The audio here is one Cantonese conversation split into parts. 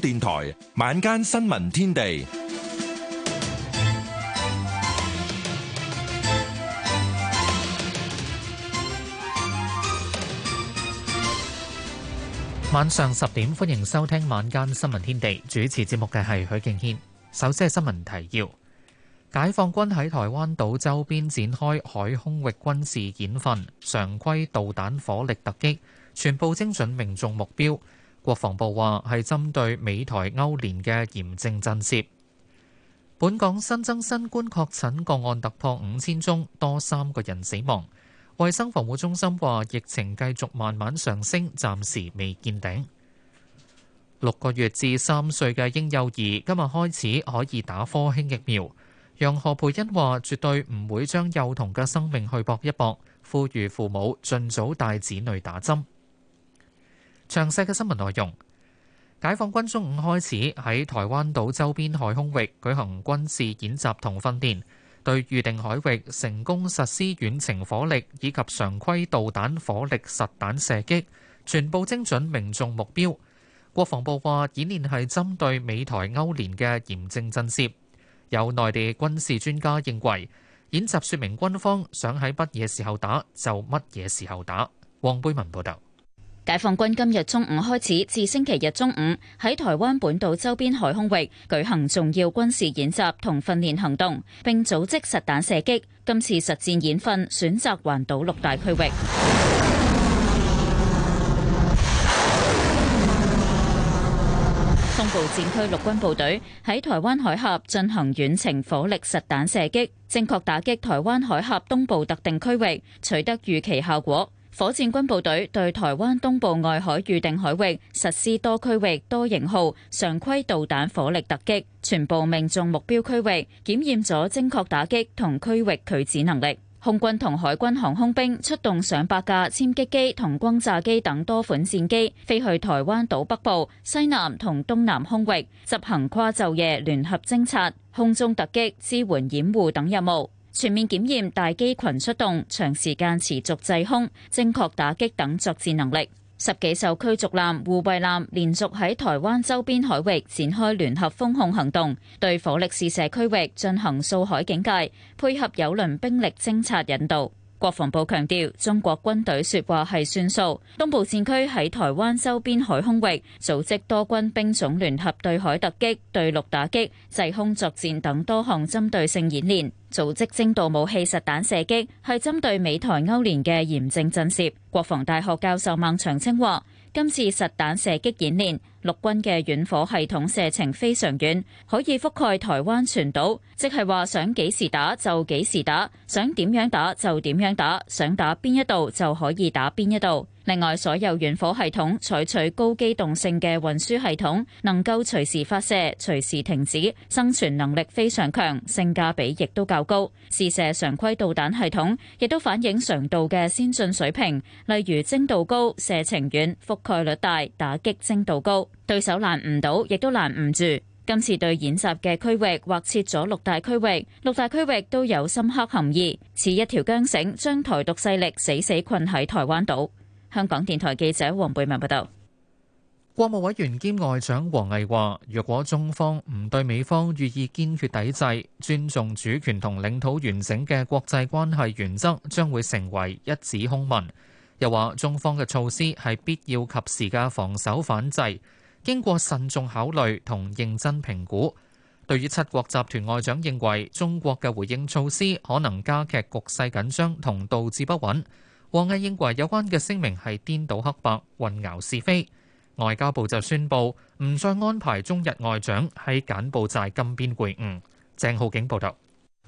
電台晚間新聞天地，晚上十點，歡迎收聽晚間新聞天地。主持節目嘅係許敬軒。首先係新聞提要：解放軍喺台灣島周邊展開海空域軍事演訓，常規導彈火力突擊，全部精準命中目標。國防部話係針對美台歐聯嘅嚴正震懾。本港新增新冠確診個案突破五千宗，多三個人死亡。衛生防護中心話疫情繼續慢慢上升，暫時未見頂。六個月至三歲嘅嬰幼兒今日開始可以打科興疫苗。楊何蓓茵話絕對唔會將幼童嘅生命去搏一搏，呼籲父母盡早帶子女打針。詳細嘅新聞內容，解放軍中午開始喺台灣島周邊海空域舉行軍事演習同訓練，對預定海域成功實施遠程火力以及常規導彈火力實彈射擊，全部精準命中目標。國防部話演練係針對美台勾連嘅嚴正震懾。有內地軍事專家認為演習說明軍方想喺乜嘢時候打就乜嘢時候打。黃貝文報導。解放軍今日中午開始至星期日中午，喺台灣本島周邊海空域舉行重要軍事演習同訓練行動，並組織實彈射擊。今次實戰演訓選擇環島六大區域，東部戰區陸軍部隊喺台灣海峽進行遠程火力實彈射擊，正確打擊台灣海峽東部特定區域，取得預期效果。火箭軍部隊對台灣東部外海預定海域實施多區域多型號常規導彈火力突擊，全部命中目標區域，檢驗咗精確打擊同區域拒止能力。空軍同海軍航空兵出動上百架殲擊機同轟炸機等多款戰機，飛去台灣島北部、西南同東南空域，執行跨晝夜聯合偵察、空中突擊、支援掩護等任務。全面檢驗大機群出動、長時間持續制空、精確打擊等作戰能力。十幾艘驅逐艦、護衛艦連續喺台灣周邊海域展開聯合封控行動，對火力試射區域進行掃海警戒，配合友鄰兵力偵察引導。國防部強調，中國軍隊說話係算數。東部戰區喺台灣周邊海空域組織多軍兵種聯合對海突擊、對陸打擊、制空作戰等多項針對性演練，組織精度武器實彈射擊，係針對美台勾連嘅嚴正震懾。國防大學教授孟祥青話，今次實彈射擊演練。陸軍嘅遠火系統射程非常遠，可以覆蓋台灣全島，即係話想幾時打就幾時打，想點樣打就點樣打，想打邊一度就可以打邊一度。另外，所有遠火系統採取高機動性嘅運輸系統，能夠隨時發射、隨時停止，生存能力非常強，性價比亦都較高。試射常規導彈系統亦都反映常道嘅先進水平，例如精度高、射程遠、覆蓋率大、打擊精度高，對手攔唔到，亦都攔唔住。今次對演習嘅區域劃設咗六大區域，六大區域都有深刻含義，似一條韁繩將台獨勢力死死困喺台灣島。香港電台記者黃貝文報道，國務委員兼外長王毅話，若果中方唔對美方予以堅決抵制，尊重主權同領土完整嘅國際關係原則，將會成為一紙空文。又話中方嘅措施係必要及時嘅防守反制，經過慎重考慮同認真評估。對於七國集團外長認為中國嘅回應措施可能加劇局勢緊張同導致不穩。王毅認為有關嘅聲明係顛倒黑白、混淆是非。外交部就宣布唔再安排中日外長喺柬埔寨金邊會晤。鄭浩景報道，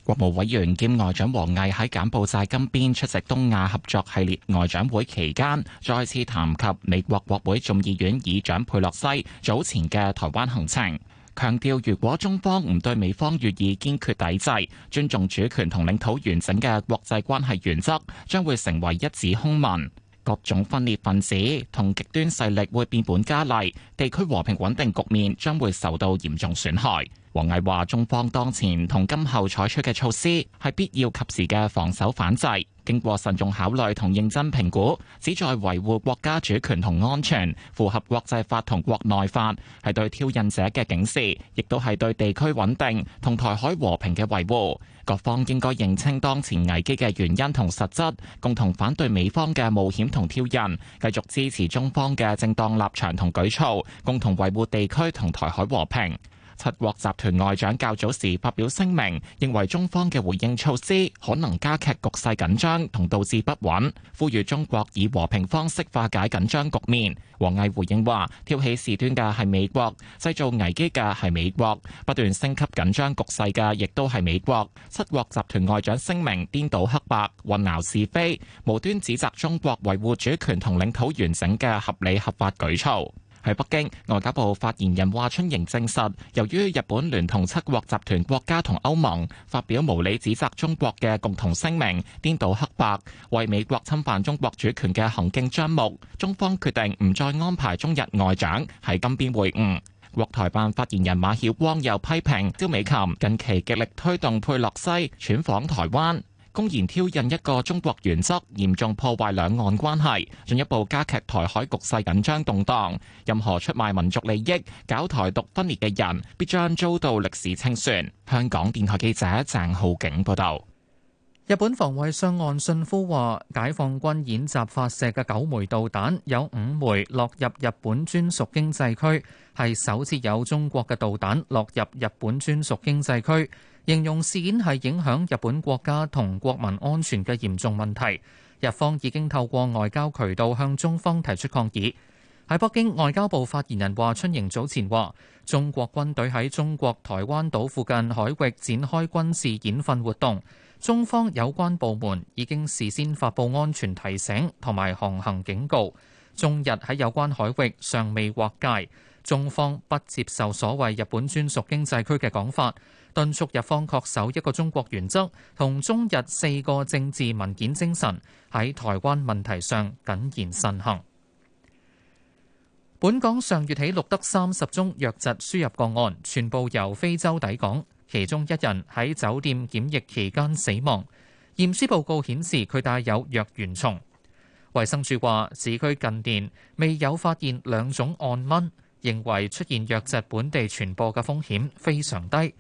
國務委員兼外長王毅喺柬埔寨金邊出席東亞合作系列外長會期間，再次談及美國國會眾議院議長佩洛西早前嘅台灣行程。強調，強調如果中方唔對美方予以堅決抵制、尊重主權同領土完整嘅國際關係原則，將會成為一紙空文。各種分裂分子同極端勢力會變本加厲，地區和平穩定局面將會受到嚴重損害。王毅話：中方當前同今後採取嘅措施係必要及時嘅防守反制。經過慎重考慮同認真評估，旨在維護國家主權同安全，符合國際法同國內法，係對挑釁者嘅警示，亦都係對地區穩定同台海和平嘅維護。各方應該認清當前危機嘅原因同實質，共同反對美方嘅冒險同挑釁，繼續支持中方嘅正當立場同舉措，共同維護地區同台海和平。七國集團外長較早時發表聲明，認為中方嘅回應措施可能加劇局勢緊張同導致不穩，呼籲中國以和平方式化解緊張局面。王毅回應話：挑起事端嘅係美國，製造危機嘅係美國，不斷升級緊張局勢嘅亦都係美國。七國集團外長聲明顛倒黑白、混淆是非、無端指責中國維護主權同領土完整嘅合理合法舉措。喺北京，外交部發言人華春瑩證實，由於日本聯同七國集團國家同歐盟發表無理指責中國嘅共同聲明，顛倒黑白，為美國侵犯中國主權嘅行徑張目，中方決定唔再安排中日外長喺金邊會晤。國台辦發言人馬曉光又批評蕭美琴近期極力推動佩洛西竄訪台灣，公然挑釁一個中國原則，嚴重破壞兩岸關係，進一步加劇台海局勢緊張動盪。任何出賣民族利益、搞台獨分裂嘅人，必將遭到歷史清算。香港電台記者鄭浩景報道。日本防衛相岸信夫話，解放軍演習發射嘅九枚導彈，有五枚落入日本專屬經濟區，係首次有中國嘅導彈落入日本專屬經濟區。形容事件係影響日本國家同國民安全嘅嚴重問題。日方已經透過外交渠道向中方提出抗議。喺北京，外交部發言人華春瑩早前話，中國軍隊喺中國台灣島附近海域展開軍事演訓活動，中方有關部門已經事先發佈安全提醒同埋航行警告。中日喺有關海域尚未劃界，中方不接受所謂日本專屬經濟區嘅講法。敦促日方恪守一個中國原則，同中日四個政治文件精神，喺台灣問題上謹言慎行。本港上月起錄得三十宗瘧疾輸入個案，全部由非洲抵港，其中一人喺酒店檢疫期間死亡。驗屍報告顯示佢帶有瘧原蟲。衛生署話，市區近年未有發現兩種按蚊，認為出現瘧疾本地傳播嘅風險非常低。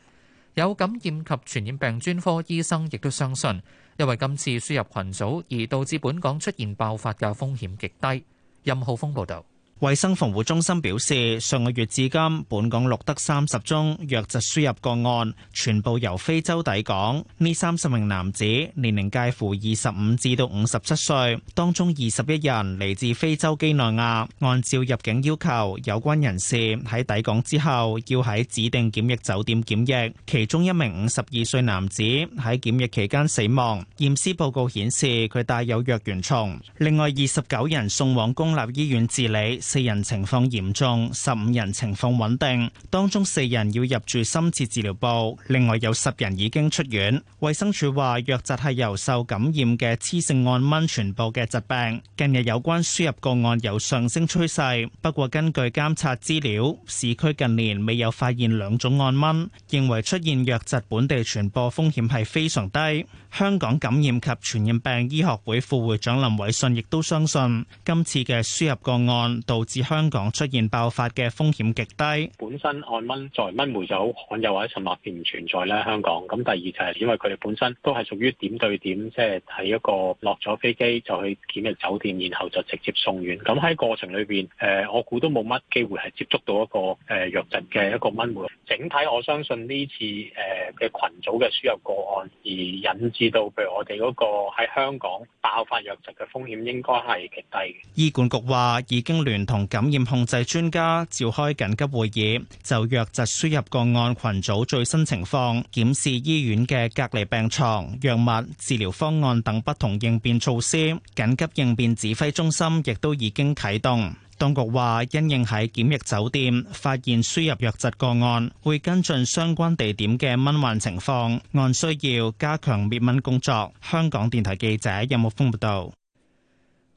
有感染及傳染病專科醫生亦都相信，因為今次輸入群組而導致本港出現爆發嘅風險極低。任浩峰報導。衛生防護中心表示，上個月至今，本港錄得三十宗瘧疾輸入個案，全部由非洲抵港。呢三十名男子年齡介乎二十五至到五十七歲，當中二十一人嚟自非洲幾內亞。按照入境要求，有關人士喺抵港之後要喺指定檢疫酒店檢疫。其中一名五十二歲男子喺檢疫期間死亡，驗屍報告顯示佢帶有瘧原蟲。另外二十九人送往公立醫院治理。四人情況嚴重，十五人情況穩定，當中四人要入住深切治療部。另外有十人已經出院。衛生署話，瘧疾係由受感染嘅雌性按蚊傳播嘅疾病。近日有關輸入個案有上升趨勢，不過根據監察資料，市區近年未有發現兩種按蚊，認為出現瘧疾本地傳播風險係非常低。香港感染及傳染病醫學會副會長林偉信亦都相信，今次嘅輸入個案。導致香港出現爆發嘅風險極低。本身按蚊作為蚊媒就好罕有，或者沉默並唔存在咧香港。咁第二就係因為佢哋本身都係屬於點對點，即係喺一個落咗飛機就去檢疫酒店，然後就直接送院。咁喺過程裏邊，誒我估都冇乜機會係接觸到一個誒瘧疾嘅一個蚊媒。整體我相信呢次誒嘅群組嘅輸入個案而引致到譬如我哋嗰個喺香港爆發瘧疾嘅風險應該係極低。醫管局話已經聯同感染控制專家召開緊急會議，就瘧疾輸入個案群組最新情況、檢視醫院嘅隔離病床、藥物、治療方案等不同應變措施。緊急應變指揮中心亦都已經啟動。當局話，因應喺檢疫酒店發現輸入瘧疾個案，會跟進相關地點嘅蚊患情況，按需要加強滅蚊工作。香港電台記者任木峰報道。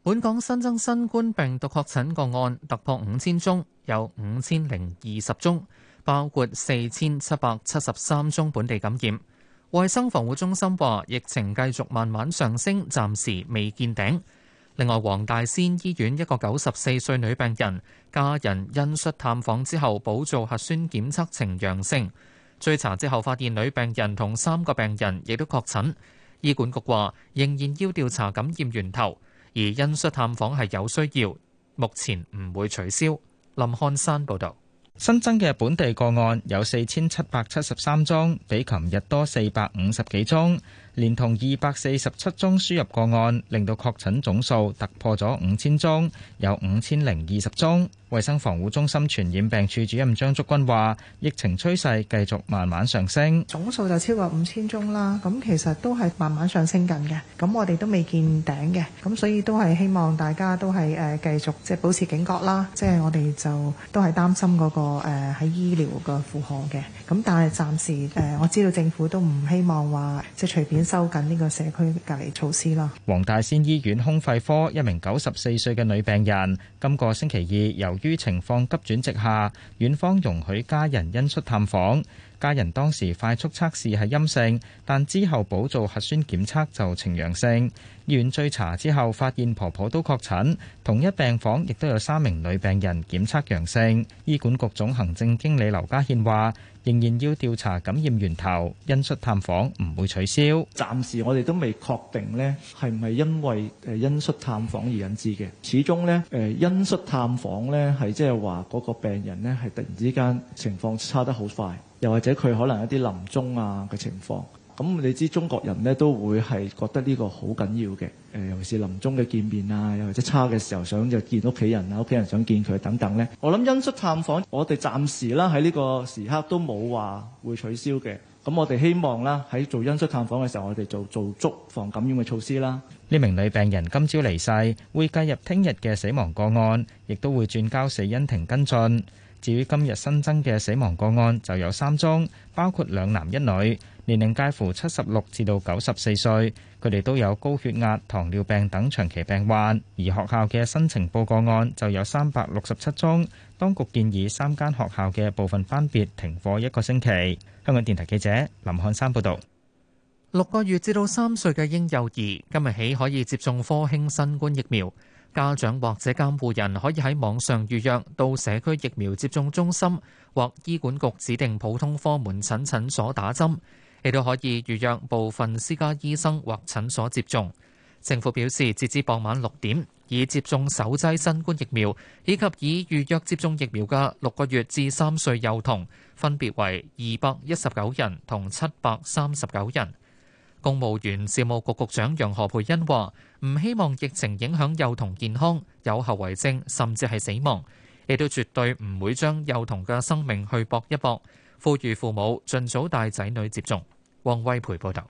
本港新增新冠病毒確診個案突破五千宗，有五千零二十宗，包括四千七百七十三宗本地感染。衛生防護中心話，疫情繼續慢慢上升，暫時未見頂。另外，黃大仙醫院一個九十四歲女病人家人恩恤探訪之後，補做核酸檢測呈陽性，追查之後發現女病人同三個病人亦都確診。醫管局話，仍然要調查感染源頭。而因需探訪係有需要，目前唔會取消。林漢山報道，新增嘅本地個案有四千七百七十三宗，比琴日多四百五十幾宗。連同二百四十七宗輸入個案，令到確診總數突破咗五千宗，有五千零二十宗。衛生防護中心傳染病處主任張竹君話，疫情趨勢繼續慢慢上升，總數就超過五千宗啦。咁其實都係慢慢上升緊嘅，咁我哋都未見頂嘅，咁所以都係希望大家都係誒繼續即係保持警覺啦。即係我哋就都係擔心嗰個誒喺醫療嘅負荷嘅。咁但係暫時誒我知道政府都唔希望話即係隨便。收緊呢個社區隔離措施啦。黃大仙醫院胸肺科一名九十四歲嘅女病人，今個星期二由於情況急轉直下，院方容許家人因出探訪，家人當時快速測試係陰性，但之後補做核酸檢測就呈陽性。醫院追查之後，發現婆婆都確診，同一病房亦都有三名女病人檢測陽性。醫管局總行政經理劉家憲話。仍然要調查感染源頭，恩恤探訪唔會取消。暫時我哋都未確定咧，係唔係因為誒恩恤探訪而引致嘅？始終咧誒恩恤探訪咧係即係話嗰個病人咧係突然之間情況差得好快，又或者佢可能一啲臨終啊嘅情況。咁你知中國人咧都會係覺得呢個好緊要嘅，誒，尤其是臨終嘅見面啊，又或者差嘅時候想就見屋企人啊，屋企人想見佢等等咧。我諗恩恤探訪，我哋暫時啦喺呢個時刻都冇話會取消嘅。咁我哋希望啦喺做恩恤探訪嘅時候，我哋就做足防感染嘅措施啦。呢名女病人今朝離世，會計入聽日嘅死亡個案，亦都會轉交死因庭跟進。至於今日新增嘅死亡個案就有三宗，包括兩男一女。年齡介乎七十六至到九十四歲，佢哋都有高血壓、糖尿病等長期病患。而學校嘅新呈報個案就有三百六十七宗，當局建議三間學校嘅部分班別停課一個星期。香港電台記者林漢山報道：六個月至到三歲嘅嬰幼兒今日起可以接種科興新冠疫苗，家長或者監護人可以喺網上預約到社區疫苗接種中心或醫管局指定普通科門診診所打針。亦都可以預約部分私家醫生或診所接種。政府表示，截至傍晚六點，已接種首劑新冠疫苗以及已預約接種疫苗嘅六個月至三歲幼童，分別為二百一十九人同七百三十九人。公務員事務局局長楊何培恩話：唔希望疫情影響幼童健康，有後遺症甚至係死亡，亦都絕對唔會將幼童嘅生命去搏一搏。呼籲父母盡早帶仔女接種。王威培報道：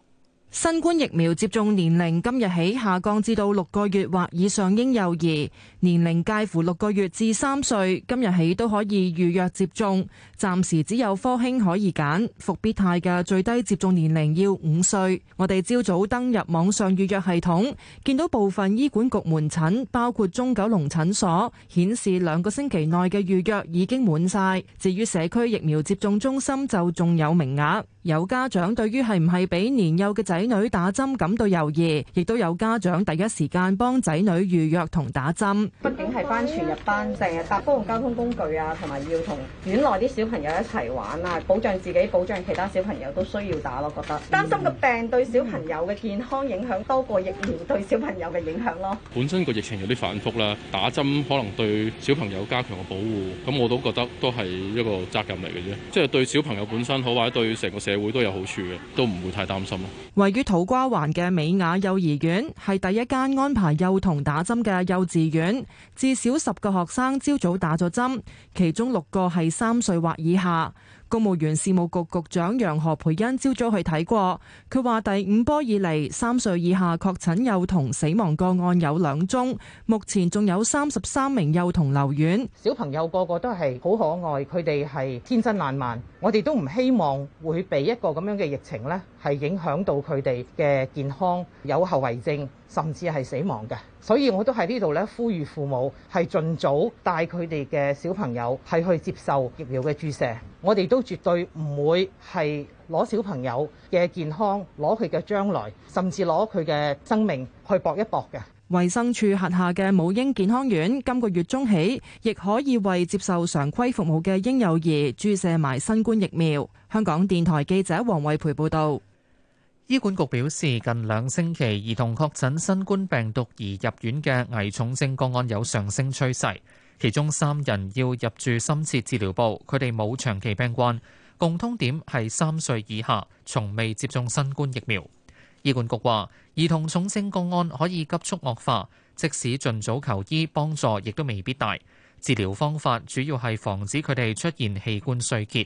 新冠疫苗接種年齡今日起下降至到六個月或以上嬰幼兒。年齡介乎六個月至三歲，今日起都可以預約接種。暫時只有科興可以揀，復必泰嘅最低接種年齡要五歲。我哋朝早登入網上預約系統，見到部分醫管局門診，包括中九龍診所，顯示兩個星期內嘅預約已經滿晒。至於社區疫苗接種中心就仲有名額。有家長對於係唔係俾年幼嘅仔女打針感到猶豫，亦都有家長第一時間幫仔女預約同打針。畢竟係翻全日班，成日搭公共交通工具啊，同埋要同院內啲小朋友一齊玩啊，保障自己，保障其他小朋友都需要打咯，覺得、嗯、擔心個病對小朋友嘅健康影響多過疫苗對小朋友嘅影響咯。本身個疫情有啲反覆啦，打針可能對小朋友加強個保護，咁我都覺得都係一個責任嚟嘅啫，即係對小朋友本身好，或者對成個社會都有好處嘅，都唔會太擔心咯。位於土瓜灣嘅美雅幼兒園係第一間安排幼童打針嘅幼稚園。至少十個學生朝早打咗針，其中六個係三歲或以下。公務員事務局局，局長楊何蓓茵朝早去睇過，佢話第五波以嚟，三歲以下確診幼童死亡個案有兩宗，目前仲有三十三名幼童留院。小朋友個個都係好可愛，佢哋係天真爛漫，我哋都唔希望會俾一個咁樣嘅疫情咧，係影響到佢哋嘅健康，有後遺症甚至係死亡嘅。所以我都喺呢度咧呼籲父母係盡早帶佢哋嘅小朋友係去接受疫苗嘅注射，我哋都絕對唔會係攞小朋友嘅健康，攞佢嘅將來，甚至攞佢嘅生命去搏一搏嘅。衛生署轄下嘅母嬰健康院今個月中起，亦可以為接受常規服務嘅嬰幼兒注射埋新冠疫苗。香港電台記者黃慧培報道。醫管局表示，近兩星期兒童確診新冠病毒而入院嘅危重症個案有上升趨勢，其中三人要入住深切治療部，佢哋冇長期病患，共通點係三歲以下，從未接種新冠疫苗。醫管局話，兒童重症個案可以急速惡化，即使儘早求醫幫助，亦都未必大。治療方法主要係防止佢哋出現器官衰竭。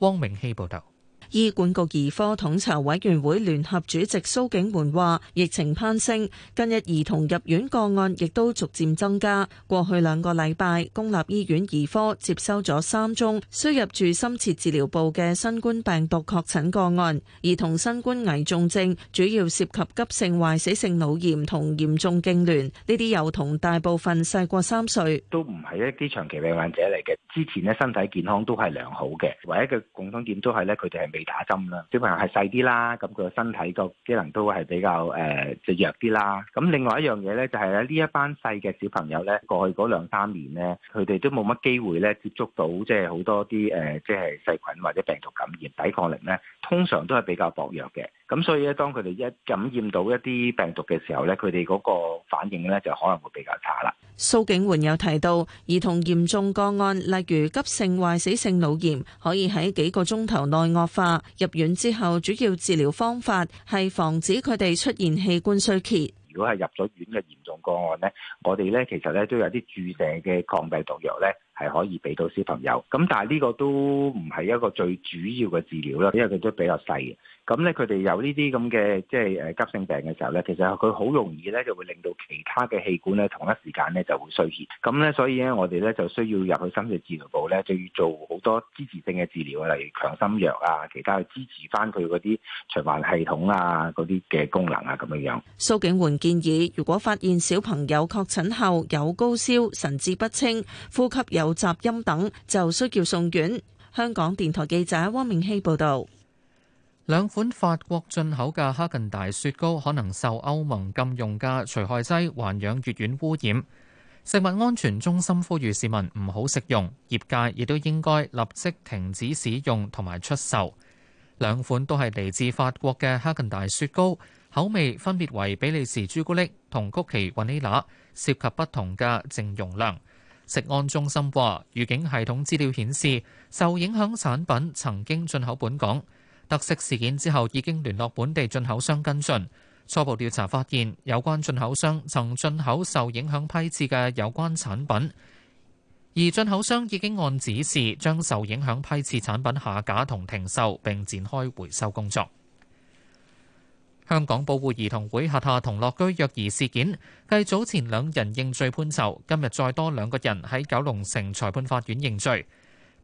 汪明熙報導。。醫管局兒科統籌委員會聯合主席蘇景煥話，疫情攀升，近日兒童入院個案亦都逐漸增加。過去兩個禮拜，公立醫院兒科接收咗三宗需入住深切治療部嘅新冠病毒確診個案，兒童新冠危重症主要涉及急性壞死性腦炎同嚴重痙攣，呢啲幼童大部分細過三歲，都唔係一啲長期病患者嚟嘅。之前呢身體健康都係良好嘅，唯一嘅共同點都係呢佢哋係未。打針啦，小朋友係細啲啦，咁佢個身體個機能都係比較誒弱啲啦。咁另外一樣嘢咧，就係咧呢一班細嘅小朋友咧，過去嗰兩三年咧，佢哋都冇乜機會咧接觸到即係好多啲誒即係細菌或者病毒感染，抵抗力咧通常都係比較薄弱嘅。咁所以咧，當佢哋一感染到一啲病毒嘅時候咧，佢哋嗰個反應咧就可能會比較差啦。蘇景煥有提到，兒童嚴重個案，例如急性壞死性腦炎，可以喺幾個鐘頭內惡化。入院之後，主要治療方法係防止佢哋出現器官衰竭。如果係入咗院嘅嚴重個案咧，我哋咧其實咧都有啲注射嘅抗病毒藥咧，係可以俾到小朋友。咁但係呢個都唔係一個最主要嘅治療啦，因為佢都比較細嘅。咁咧，佢哋有呢啲咁嘅即係誒急性病嘅時候咧，其實佢好容易咧就會令到其他嘅器官咧同一時間咧就會衰竭。咁咧，所以咧我哋咧就需要入去深切治療部咧，就要做好多支持性嘅治療，例如強心藥啊，其他去支持翻佢嗰啲循環系統啊嗰啲嘅功能啊咁樣樣。蘇景煥建議，如果發現小朋友確診後有高燒、神志不清、呼吸有雜音等，就需要送院。香港電台記者汪明希報道。兩款法國進口嘅哈根達雪糕可能受歐盟禁用嘅除害劑環氧乙烷污染，食物安全中心呼籲市民唔好食用，業界亦都應該立即停止使用同埋出售。兩款都係嚟自法國嘅哈根達雪糕，口味分別為比利時朱古力同曲奇、雲呢拿，涉及不同嘅淨容量。食安中心話，預警系統資料顯示，受影響產品曾經進口本港。特色事件之後，已經聯絡本地進口商跟進。初步調查發現，有關進口商曾進口受影響批次嘅有關產品，而進口商已經按指示將受影響批次產品下架同停售，並展開回收工作。香港保護兒童會轄下同樂居虐兒事件，繼早前兩人認罪判囚，今日再多兩個人喺九龍城裁判法院認罪。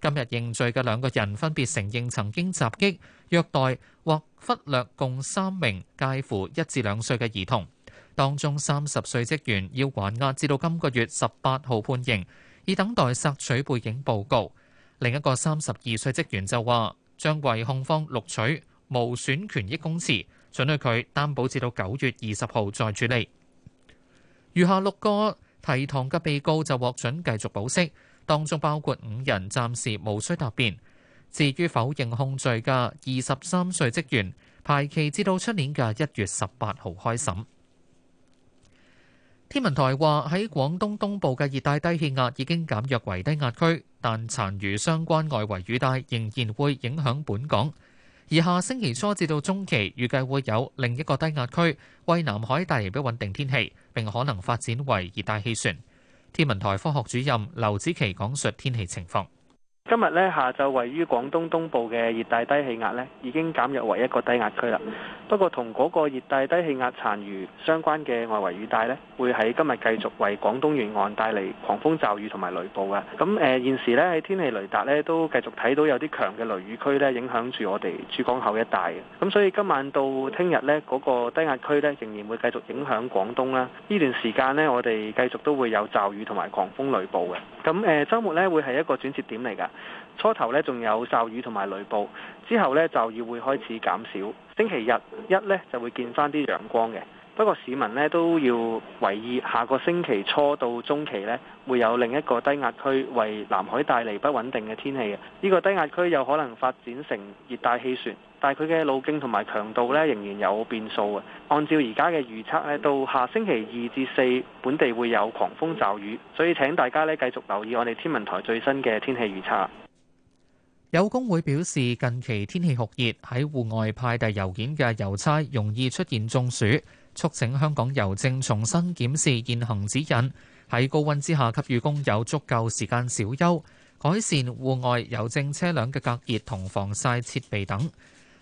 今日認罪嘅兩個人分別承認曾經襲擊、虐待或忽略共三名介乎一至兩歲嘅兒童。當中三十歲職員要還押至到今個月十八號判刑，以等待索取背景報告。另一個三十二歲職員就話將為控方錄取無損權益供詞，准許佢擔保至到九月二十號再處理。餘下六個提堂嘅被告就獲准繼續保釋。當中包括五人暫時無需答辯。至於否認控罪嘅二十三歲職員，排期至到出年嘅一月十八號開審。天文台話喺廣東東部嘅熱帶低氣壓已經減弱為低壓區，但殘餘相關外圍雨帶仍然會影響本港。而下星期初至到中期，預計會有另一個低壓區為南海帶嚟不穩定天氣，並可能發展為熱帶氣旋。天文台科學主任劉子琪講述天氣情況。今日呢，下晝，位於廣東東部嘅熱帶低氣壓呢已經減弱為一個低壓區啦。不過同嗰個熱帶低氣壓殘餘相關嘅外圍雨帶呢，會喺今日繼續為廣東沿岸帶嚟狂風驟雨同埋雷暴嘅。咁誒、呃，現時呢喺天氣雷達呢都繼續睇到有啲強嘅雷雨區呢影響住我哋珠江口一帶嘅。咁所以今晚到聽日呢嗰、嗰個低壓區呢，仍然會繼續影響廣東啦。呢段時間呢，我哋繼續都會有驟雨同埋狂風雷暴嘅。咁誒，周、呃、末呢，會係一個轉折點嚟噶。初頭咧仲有驟雨同埋雷暴，之後咧驟雨會開始減少。星期日一咧就會見翻啲陽光嘅。不過市民咧都要留意，下個星期初到中期咧會有另一個低壓區為南海帶嚟不穩定嘅天氣嘅。呢個低壓區有可能發展成熱帶氣旋，但係佢嘅路徑同埋強度咧仍然有變數嘅。按照而家嘅預測咧，到下星期二至四本地會有狂風驟雨，所以請大家咧繼續留意我哋天文台最新嘅天氣預測。有工會表示，近期天氣酷熱，喺戶外派遞郵件嘅郵差容易出現中暑。促請香港郵政重新檢視現行指引，喺高溫之下給予工友足夠時間小休，改善戶外郵政車輛嘅隔熱同防曬設備等。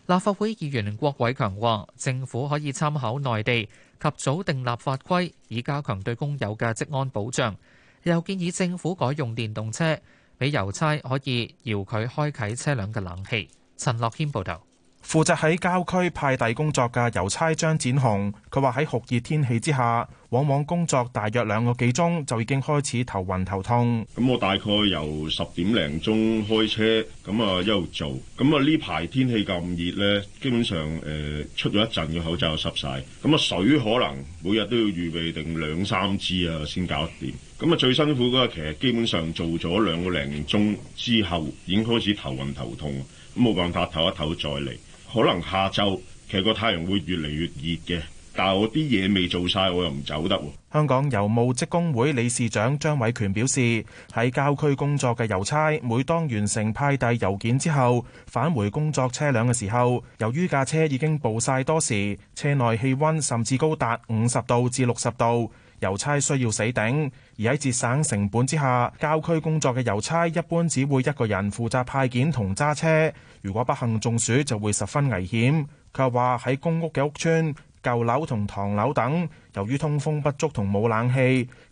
立法會議員郭偉強話：政府可以參考內地，及早訂立法規，以加強對工友嘅職安保障。又建議政府改用電動車，俾郵差可以遙距開啓車輛嘅冷氣。陳樂軒報導。負責喺郊區派遞工作嘅郵差張展雄，佢話喺酷熱天氣之下，往往工作大約兩個幾鐘就已經開始頭暈頭痛。咁我大概由十點零鐘開車，咁啊一路做，咁啊呢排天氣咁熱呢，基本上誒、呃、出咗一陣嘅口罩濕晒，咁啊水可能每日都要預備定兩三支啊先搞掂。咁啊最辛苦嗰個其實基本上做咗兩個零鐘之後，已經開始頭暈頭痛，咁冇辦法唞一唞再嚟。可能下晝其實個太陽會越嚟越熱嘅，但係我啲嘢未做晒，我又唔走得。香港郵務職工會理事長張偉權表示，喺郊區工作嘅郵差，每當完成派遞郵件之後返回工作車輛嘅時候，由於架車已經暴曬多時，車內氣溫甚至高達五十度至六十度，郵差需要死頂，而喺節省成本之下，郊區工作嘅郵差一般只會一個人負責派件同揸車。如果不幸中暑，就會十分危險。佢話喺公屋嘅屋邨、舊樓同唐樓等，由於通風不足同冇冷氣。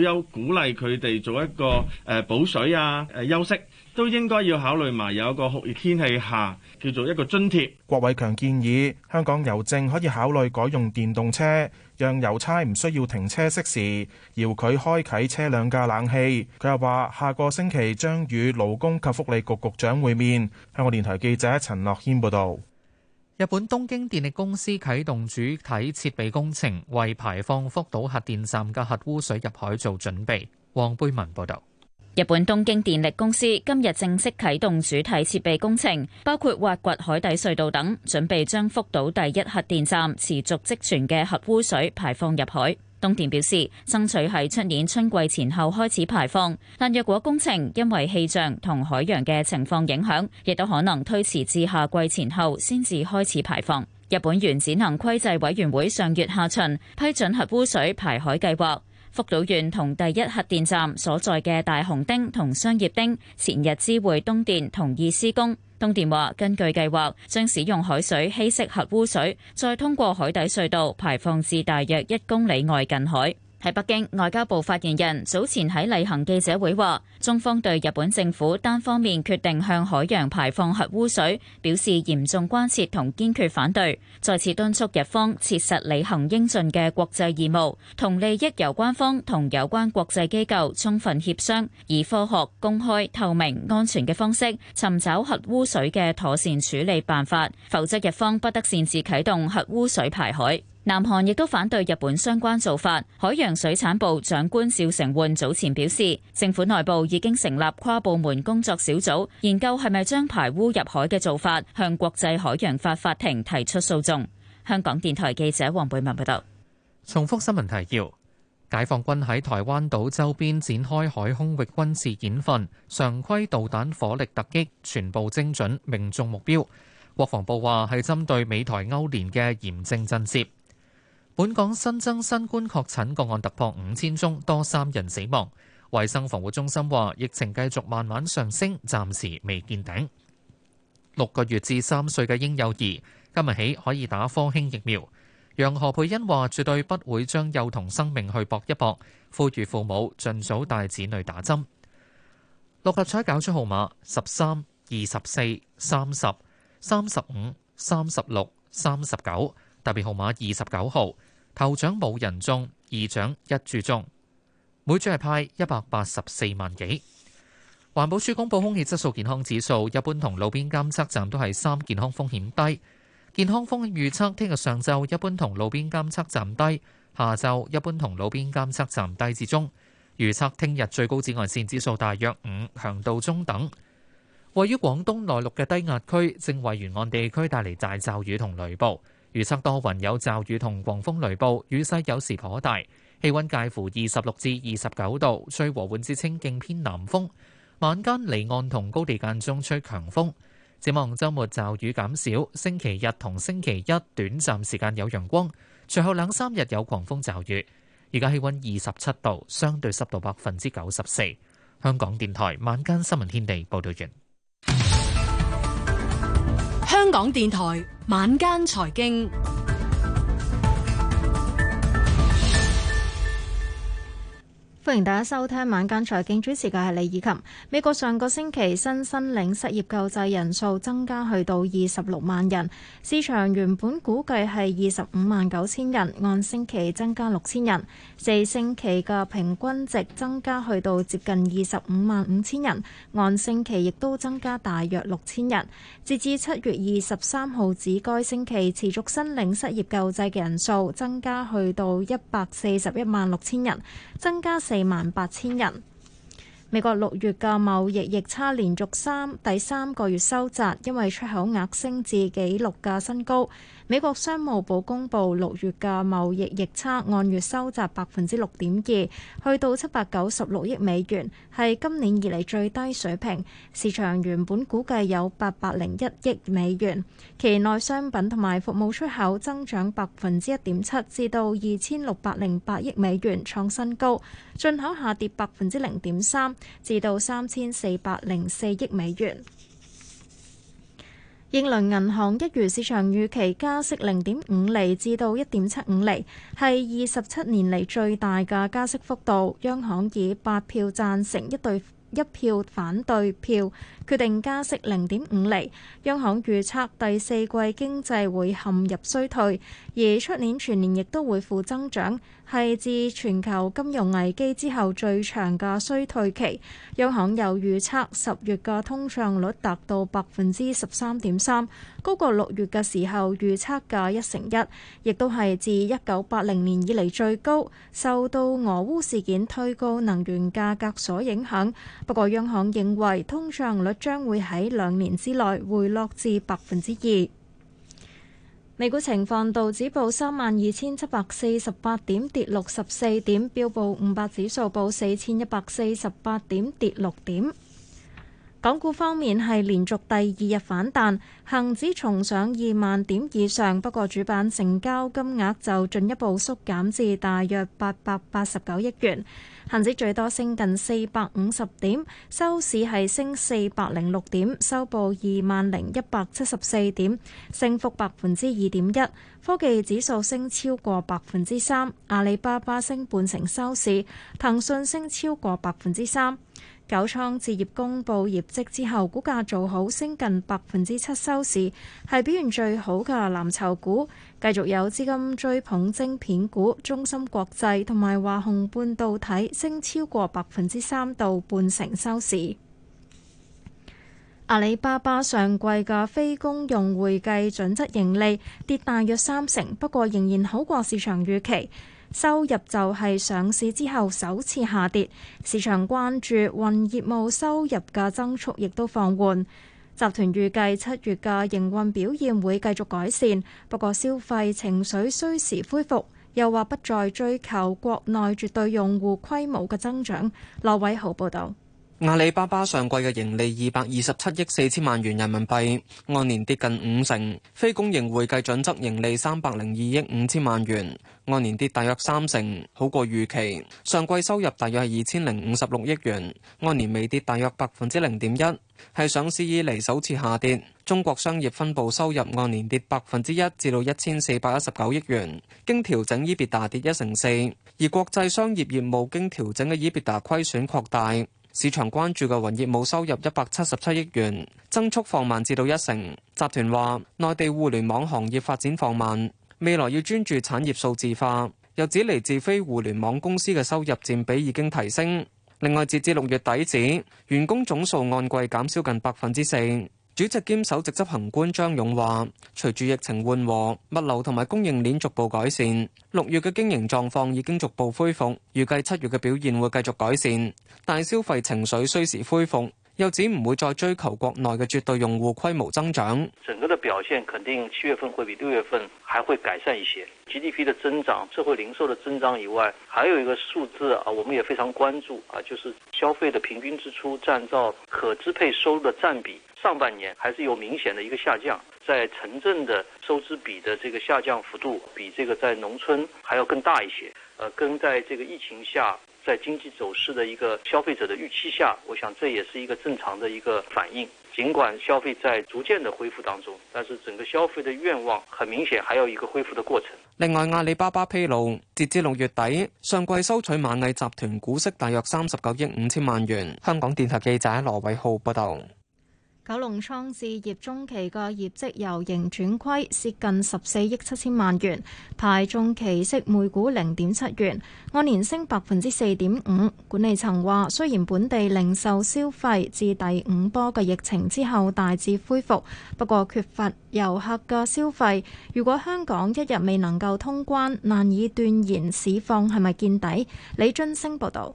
要鼓勵佢哋做一個誒補水啊、誒、呃、休息，都應該要考慮埋有一個酷熱天氣下叫做一個津貼。郭偉強建議香港郵政可以考慮改用電動車，讓郵差唔需要停車熄匙，搖佢開啓車輛架冷氣。佢又話：下個星期將與勞工及福利局局長會面。香港電台記者陳樂軒報導。日本東京電力公司啟動主體設備工程，為排放福島核電站嘅核污水入海做準備。黃貝文報道：日本東京電力公司今日正式啟動主體設備工程，包括挖掘海底隧道等，準備將福島第一核電站持續積存嘅核污水排放入海。東電表示，爭取喺出年春季前後開始排放，但若果工程因為氣象同海洋嘅情況影響，亦都可能推遲至夏季前後先至開始排放。日本原子能規制委員會上月下旬批准核污水排海計劃。福島縣同第一核電站所在嘅大熊町同商業町前日知會東電同意施工。東電話根據計劃，將使用海水稀釋核污水，再通過海底隧道排放至大約一公里外近海。喺北京，外交部發言人早前喺例行記者會話，中方對日本政府單方面決定向海洋排放核污水表示嚴重關切同堅決反對，再次敦促日方切實履行應盡嘅國際義務同利益攸關方同有關國際機構充分協商，以科學、公開、透明、安全嘅方式尋找核污水嘅妥善處理辦法，否則日方不得擅自啟動核污水排海。南韓亦都反對日本相關做法。海洋水產部長官趙成煥早前表示，政府內部已經成立跨部門工作小組，研究係咪將排污入海嘅做法向國際海洋法法庭提出訴訟。香港電台記者黃貝文報道。重複新聞提要，解放軍喺台灣島周邊展開海空域軍事演訓，常規導彈火力突擊，全部精準命中目標。國防部話係針對美台勾連嘅嚴正震懾。本港新增新冠確診個案突破五千宗，多三人死亡。衛生防護中心話，疫情繼續慢慢上升，暫時未見頂。六個月至三歲嘅嬰幼兒今日起可以打科興疫苗。楊何佩欣話：絕對不會將幼童生命去搏一搏，呼籲父母盡早帶子女打針。六合彩攪出號碼：十三、二十四、三十、三十五、三十六、三十九。特別號碼二十九號頭獎冇人中，二獎一注中，每注係派一百八十四萬幾。環保署公布空氣質素健康指數，一般同路邊監測站都係三，健康風險低。健康風險預測聽日上晝一般同路邊監測站低，下晝一般同路邊監測站低至中。預測聽日最高紫外線指數大約五，強度中等。位於廣東內陸嘅低壓區正為沿岸地區帶嚟大驟雨同雷暴。預測多雲有驟雨同狂風雷暴，雨勢有時頗大，氣温介乎二十六至二十九度，吹和緩至清勁偏南風，晚間離岸同高地間中吹強風。展望周末驟雨減少，星期日同星期一短暫時間有陽光，隨後兩三日有狂風驟雨。而家氣温二十七度，相對濕度百分之九十四。香港電台晚間新聞天地報道完。港電台晚間財經。歡迎大家收聽晚間財經主持嘅係李以琴。美國上個星期新申領失業救濟人數增加去到二十六萬人，市場原本估計係二十五萬九千人，按星期增加六千人，四星期嘅平均值增加去到接近二十五萬五千人，按星期亦都增加大約六千人。截至七月二十三號，指該星期持續申領失業救濟嘅人數增加去到一百四十一萬六千人，增加。四萬八千人。美國六月嘅貿易逆差連續三第三個月收窄，因為出口額升至紀錄嘅新高。美國商務部公布六月嘅貿易逆差按月收窄百分之六點二，去到七百九十六億美元，係今年以嚟最低水平。市場原本估計有八百零一億美元。期內商品同埋服務出口增長百分之一點七，至到二千六百零八億美元創新高；進口下跌百分之零點三，至到三千四百零四億美元。英倫銀行一如市場預期加息零點五厘至到一點七五厘，係二十七年嚟最大嘅加息幅度。央行以八票贊成，一對一票反對票，決定加息零點五厘。央行預測第四季經濟會陷入衰退，而出年全年亦都會負增長。係自全球金融危機之後最長嘅衰退期，央行又預測十月嘅通脹率達到百分之十三點三，高過六月嘅時候預測嘅一成一，亦都係自一九八零年以嚟最高。受到俄烏事件推高能源價格所影響，不過央行認為通脹率將會喺兩年之內回落至百分之二。美股情況，道指報三萬二千七百四十八點，跌六十四點；標普五百指數報四千一百四十八點，跌六點。港股方面係連續第二日反彈，恒指重上二萬點以上，不過主板成交金額就進一步縮減至大約八百八十九億元。恒指最多升近四百五十點，收市係升四百零六點，收報二萬零一百七十四點，升幅百分之二點一。科技指數升超過百分之三，阿里巴巴升半成收市，騰訊升超過百分之三。九倉置業公佈業績之後，股價做好，升近百分之七收市，係表現最好嘅藍籌股。繼續有資金追捧晶片股，中芯國際同埋華虹半導體升超過百分之三到半成收市。阿里巴巴上季嘅非公用會計準則盈利跌大約三成，不過仍然好過市場預期。收入就係上市之後首次下跌，市場關注運業務收入嘅增速亦都放緩，集團預計七月嘅營運表現會繼續改善，不過消費情緒需時恢復，又話不再追求國內絕對用戶規模嘅增長，羅偉豪報道。阿里巴巴上季嘅盈利二百二十七億四千萬元人民幣，按年跌近五成；非公營會計準則盈利三百零二億五千萬元，按年跌大約三成，好過預期。上季收入大約係二千零五十六億元，按年微跌大約百分之零點一，係上市以嚟首次下跌。中國商業分部收入按年跌百分之一，至到一千四百一十九億元，經調整 EBITDA 跌一成四；而國際商業業務經調整嘅 EBITDA 虧損擴大。市場關注嘅雲業務收入一百七十七億元，增速放慢至到一成。集團話，內地互聯網行業發展放慢，未來要專注產業數字化。又指嚟自非互聯網公司嘅收入佔比已經提升。另外，截至六月底止，員工總數按季減少近百分之四。主席兼首席執行官張勇話，隨住疫情緩和，物流同埋供應鏈逐步改善，六月嘅經營狀況已經逐步恢復，預計七月嘅表現會繼續改善。但消費情緒需時恢復，又指唔會再追求國內嘅絕對用戶規模增長。整個嘅表現肯定七月份會比六月份還會改善一些。GDP 嘅增長，社會零售嘅增長以外，還有一個數字啊，我們也非常關注啊，就是消費的平均支出佔到可支配收入的佔比。上半年還是有明顯的一個下降，在城鎮的收支比的這個下降幅度，比這個在農村還要更大一些。呃，跟在這個疫情下，在經濟走勢的一個消費者的預期下，我想這也是一個正常的一個反應。盡管消費在逐漸的恢復當中，但是整個消費的願望很明顯還有一個恢復的過程。另外，阿里巴巴披露，截至六月底，上季收取螞蟻集團股息大約三十九億五千萬元。香港電台記者羅偉浩報道。九龍倉置業中期嘅業績由盈轉虧，蝕近十四億七千萬元，派中期息每股零點七元，按年升百分之四點五。管理層話，雖然本地零售消費至第五波嘅疫情之後大致恢復，不過缺乏遊客嘅消費。如果香港一日未能夠通關，難以斷言市況係咪見底。李津升報道。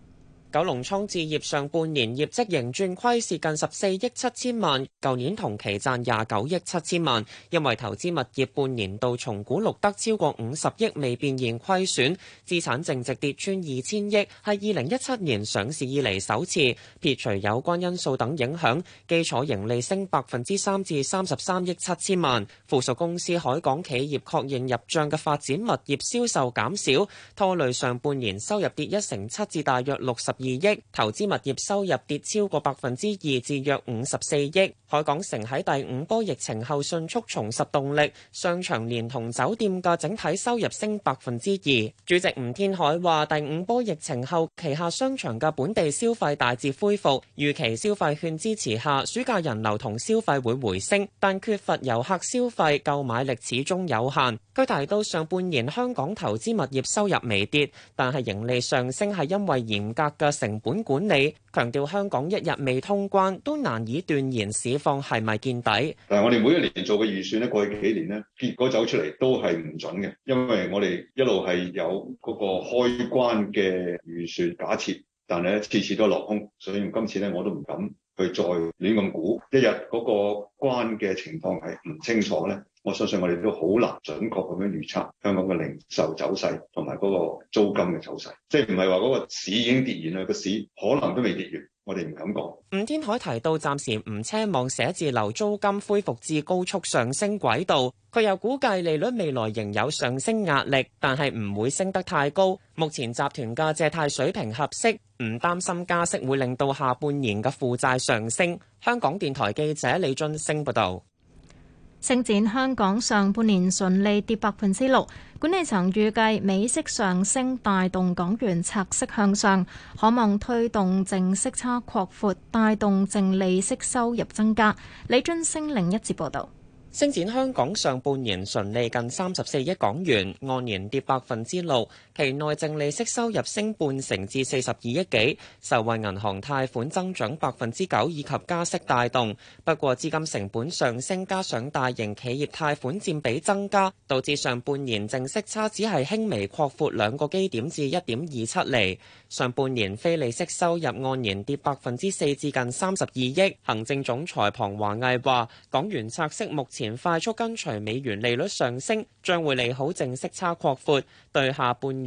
九龍倉置業上半年業績盈轉虧，蝕近十四億七千萬，舊年同期賺廿九億七千萬。因為投資物業半年度重估錄得超過五十億未變現虧損，資產淨值跌穿二千億，係二零一七年上市以嚟首次。撇除有關因素等影響，基礎盈利升百分之三至三十三億七千萬。附屬公司海港企業確認入賬嘅發展物業銷售減少，拖累上半年收入跌一成七至大約六十。二億投資物業收入跌超過百分之二，至約五十四億。海港城喺第五波疫情後迅速重拾動力，商場連同酒店嘅整體收入升百分之二。主席吳天海話：第五波疫情後，旗下商場嘅本地消費大致恢復，預期消費券支持下，暑假人流同消費會回升，但缺乏遊客消費，購買力始終有限。佢提到，上半年香港投資物業收入微跌，但係盈利上升係因為嚴格嘅。成本管理，強調香港一日未通關，都難以斷言市況係咪見底。但係，我哋每一年做嘅預算咧，過去幾年咧，結果走出嚟都係唔準嘅，因為我哋一路係有嗰個開關嘅預算假設，但係咧次次都落空，所以今次咧我都唔敢去再亂咁估。一日嗰個關嘅情況係唔清楚咧。我相信我哋都好難準確咁樣預測香港嘅零售走勢同埋嗰個租金嘅走勢，即係唔係話嗰個市已經跌完啦？個市可能都未跌完，我哋唔敢講。吳天海提到，暫時唔奢望寫字樓租金恢復至高速上升軌道。佢又估計利率未來仍有上升壓力，但係唔會升得太高。目前集團嘅借貸水平合適，唔擔心加息會令到下半年嘅負債上升。香港電台記者李俊升報道。星展香港上半年純利跌百分之六，管理層預計美息上升帶動港元拆息向上，可望推動淨息差擴闊，帶動淨利息收入增加。李津升另一節報道，星展香港上半年純利近三十四億港元，按年跌百分之六。期內淨利息收入升半成至四十二億幾，受惠銀行貸款增長百分之九以及加息帶動。不過資金成本上升加上大型企業貸款佔比增加，導致上半年淨息差只係輕微擴闊，闊兩個基點至一點二七厘。上半年非利息收入按年跌百分之四至近三十二億。行政總裁龐華毅話：港元拆息目前快速跟隨美元利率上升，將會利好淨息差擴闊。對下半。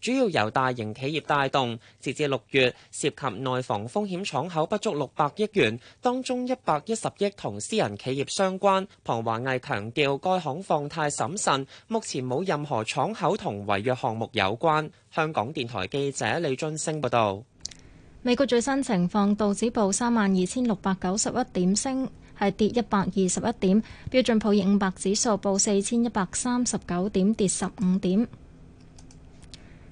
主要由大型企業帶動，截至六月涉及內房風險敞口不足六百億元，當中一百一十億同私人企業相關。龐華毅強調，該行放貸審慎，目前冇任何敞口同違約項目有關。香港電台記者李津星報道。美國最新情況，道指報三萬二千六百九十一點升係跌一百二十一點，標準普爾五百指數報四千一百三十九點跌十五點。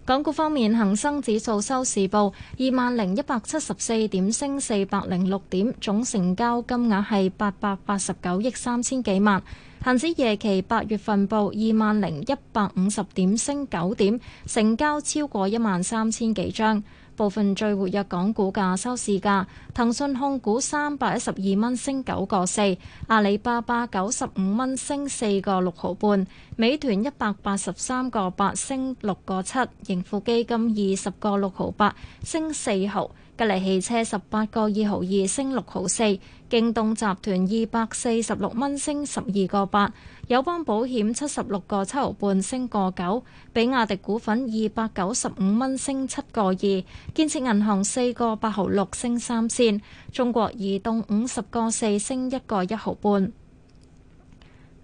港股方面，恒生指數收市報二萬零一百七十四點升四百零六點，總成交金額係八百八十九億三千幾萬，恆指夜期八月份報二萬零一百五十點升九點，成交超過一萬三千幾張。部分最活躍港股價收市價，騰訊控股三百一十二蚊升九個四，阿里巴巴九十五蚊升四個六毫半，美團一百八十三個八升六個七，盈富基金二十個六毫八升四毫，吉利汽車十八個二毫二升六毫四，京東集團二百四十六蚊升十二個八。友邦保險七十六個七毫半升個九，比亞迪股份二百九十五蚊升七個二，建設銀行四個八毫六升三線，中國移動五十個四升一個一毫半。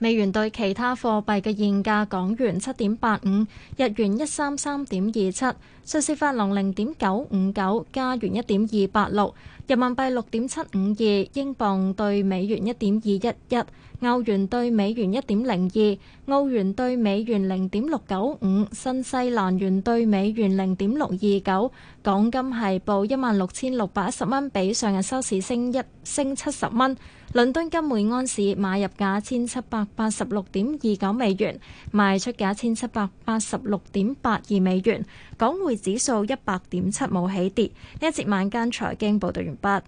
美元兌其他貨幣嘅現價：港元七點八五，日元一三三點二七，瑞士法郎零點九五九，加元一點二八六，人民幣六點七五二，英鎊對美元一點二一一，歐元對美元一點零二，澳元對美元零點六九五，新西蘭元對美元零點六二九。港金係報一萬六千六百一十蚊，比上日收市升一升七十蚊。倫敦金每安市買入價千七百八十六點二九美元，賣出價千七百八十六點八二美元。港匯指數一百點七冇起跌。呢一節晚間財經報道完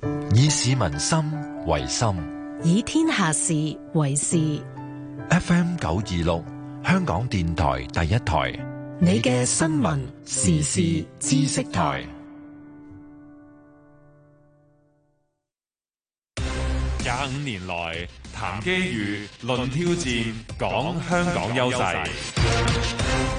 畢。以市民心為心，以天下事為事。FM 九二六，香港電台第一台，你嘅新聞時事知識台。廿五年來談機遇、論挑戰、講香港優勢。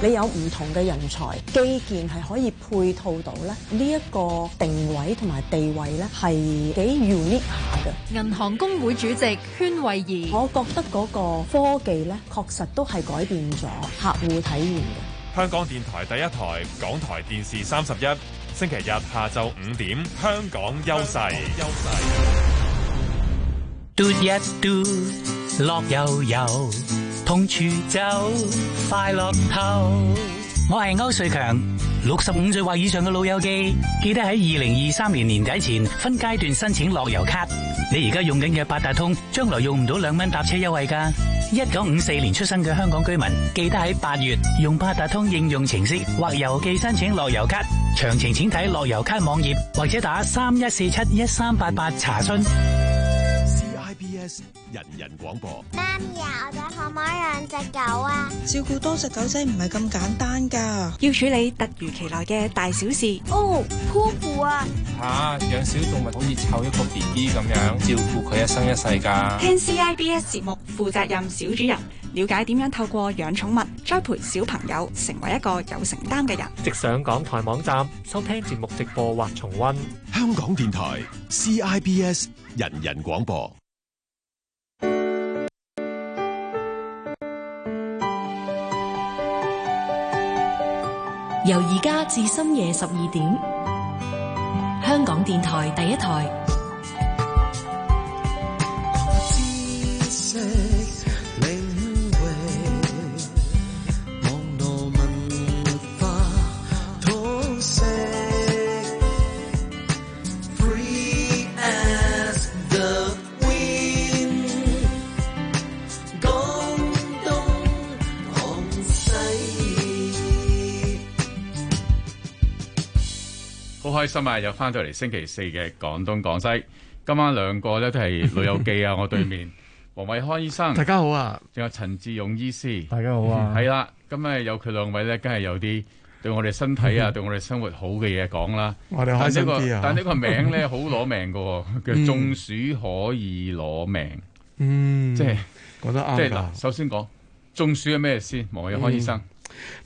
你有唔同嘅人才、基建係可以配套到咧？呢、這、一個定位同埋地位咧係幾 unique 下嘅。銀行公會主席禤惠儀，我覺得嗰個科技咧確實都係改變咗客戶體驗嘅。香港電台第一台，港台電視三十一，星期日下晝五點，香港優勢。優勢。嘟一嘟，樂悠悠，通處走，快樂透。我係歐瑞強，六十五歲或以上嘅老友記，記得喺二零二三年年底前分階段申請樂悠咭。你而家用緊嘅八達通，將來用唔到兩蚊搭車優惠㗎。一九五四年出生嘅香港居民，記得喺八月用八達通應用程式或郵寄申請樂悠咭。詳情請睇樂悠咭網頁或者打三一四七一三八八查詢。人人廣播，媽咪啊，我哋可唔可以養隻狗啊？照顧多隻狗仔唔係咁簡單噶，要處理突如其來嘅大小事。哦，酷酷啊！吓，養小動物好似湊一個 BB 咁樣，照顧佢一生一世噶。聽 CIBS 節目，負責任小主人，了解點樣透過養寵物栽培小朋友，成為一個有承擔嘅人。直上港台網站收聽節目直播或重温香港電台 CIBS 人人廣播。由而家至深夜十二點，香港電台第一台。開心啊！又翻到嚟星期四嘅廣東廣西，今晚兩個咧都係旅遊記啊！我對面黃偉康醫生，大家好啊！仲有陳志勇醫師，大家好啊！係啦，今晚有佢兩位咧，梗係有啲對我哋身體啊，對我哋生活好嘅嘢講啦。我哋開心啲啊！但呢個名咧好攞命噶，叫中暑可以攞命。嗯，即係覺得即係嗱，首先講中暑係咩先？黃偉康醫生。